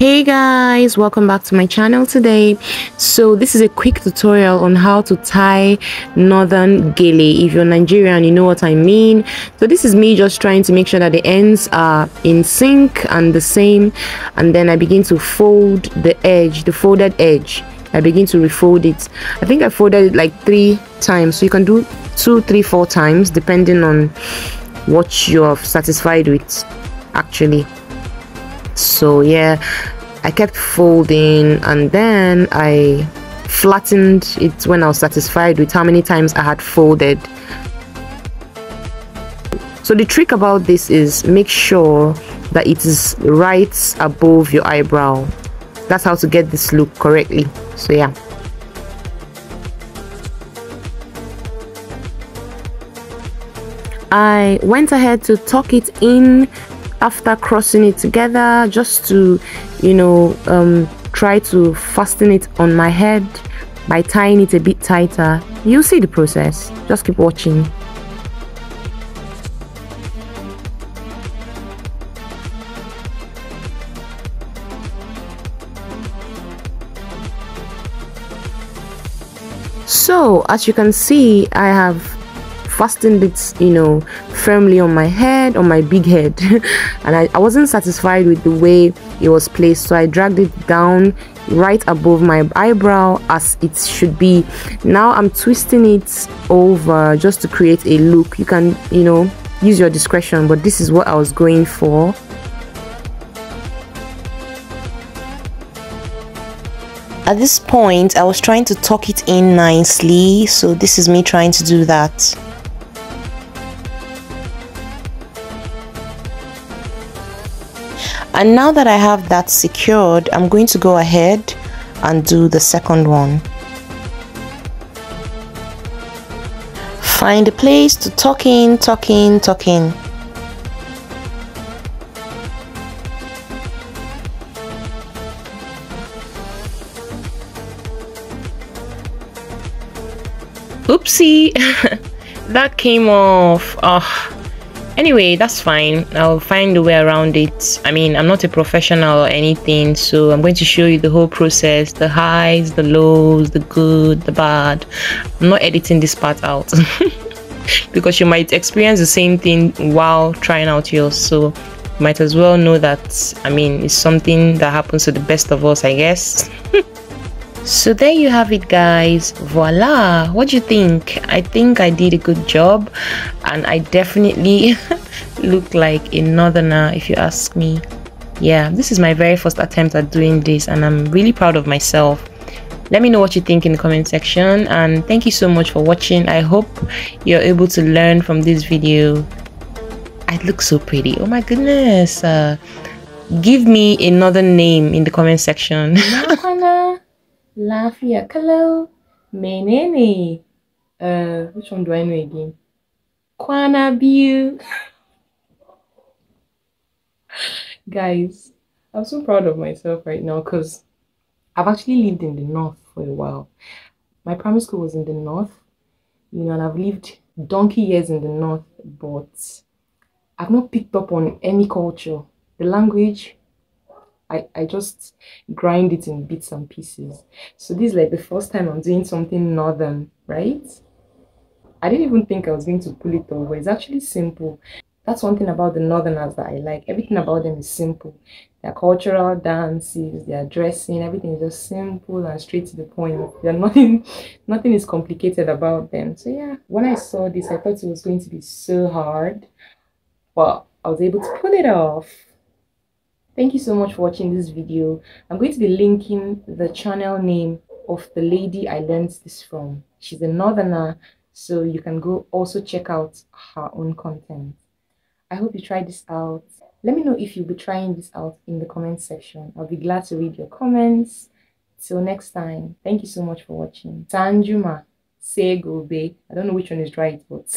hey guys welcome back to my channel today so this is a quick tutorial on how to tie northern gele if you're nigerian you know what i mean so this is me just trying to make sure that the ends are in sync and the same and then i begin to fold the edge the folded edge i begin to refold it i think i folded it like three times so you can do two three four times depending on what you're satisfied with actually so yeah I kept folding and then I flattened it when I was satisfied with how many times I had folded so the trick about this is make sure that it is right above your eyebrow that's how to get this look correctly so yeah I went ahead to tuck it in after crossing it together just to you know um, try to fasten it on my head by tying it a bit tighter you'll see the process just keep watching So as you can see I have fastened it, you know, firmly on my head, on my big head. and I, I wasn't satisfied with the way it was placed, so I dragged it down right above my eyebrow as it should be. Now I'm twisting it over just to create a look. You can, you know, use your discretion, but this is what I was going for. At this point, I was trying to tuck it in nicely, so this is me trying to do that. and now that I have that secured I'm going to go ahead and do the second one find a place to tuck in tuck in tuck in oopsie that came off oh Anyway, that's fine. I'll find a way around it. I mean, I'm not a professional or anything, so I'm going to show you the whole process, the highs, the lows, the good, the bad. I'm not editing this part out. because you might experience the same thing while trying out yours so might as well know that i mean it's something that happens to the best of us i guess So there you have it guys, voila! What do you think? I think I did a good job and I definitely look like a northerner if you ask me. Yeah, this is my very first attempt at doing this and I'm really proud of myself let me know what you think in the comment section and thank you so much for watching i hope you're able to learn from this video i look so pretty oh my goodness uh, give me another name in the comment section Lafia, kalau. menene uh, which one do I know again? Kwana Guys, I'm so proud of myself right now because I've actually lived in the north for a while. My primary school was in the north, you know, and I've lived donkey years in the north, but I've not picked up on any culture, the language, I, I just grind it in bits and pieces. So this is like the first time I'm doing something northern, right? I didn't even think I was going to pull it over. It's actually simple. That's one thing about the northerners that I like. Everything about them is simple. Their cultural dances, their dressing, everything is just simple and straight to the point. They're nothing nothing is complicated about them. So yeah, when I saw this, I thought it was going to be so hard. But I was able to pull it off. Thank you so much for watching this video. I'm going to be linking the channel name of the lady I learned this from. She's a northerner, so you can go also check out her own content. I hope you try this out. Let me know if you'll be trying this out in the comment section. I'll be glad to read your comments. Till next time, thank you so much for watching. Tanjuma, be. I don't know which one is right, but...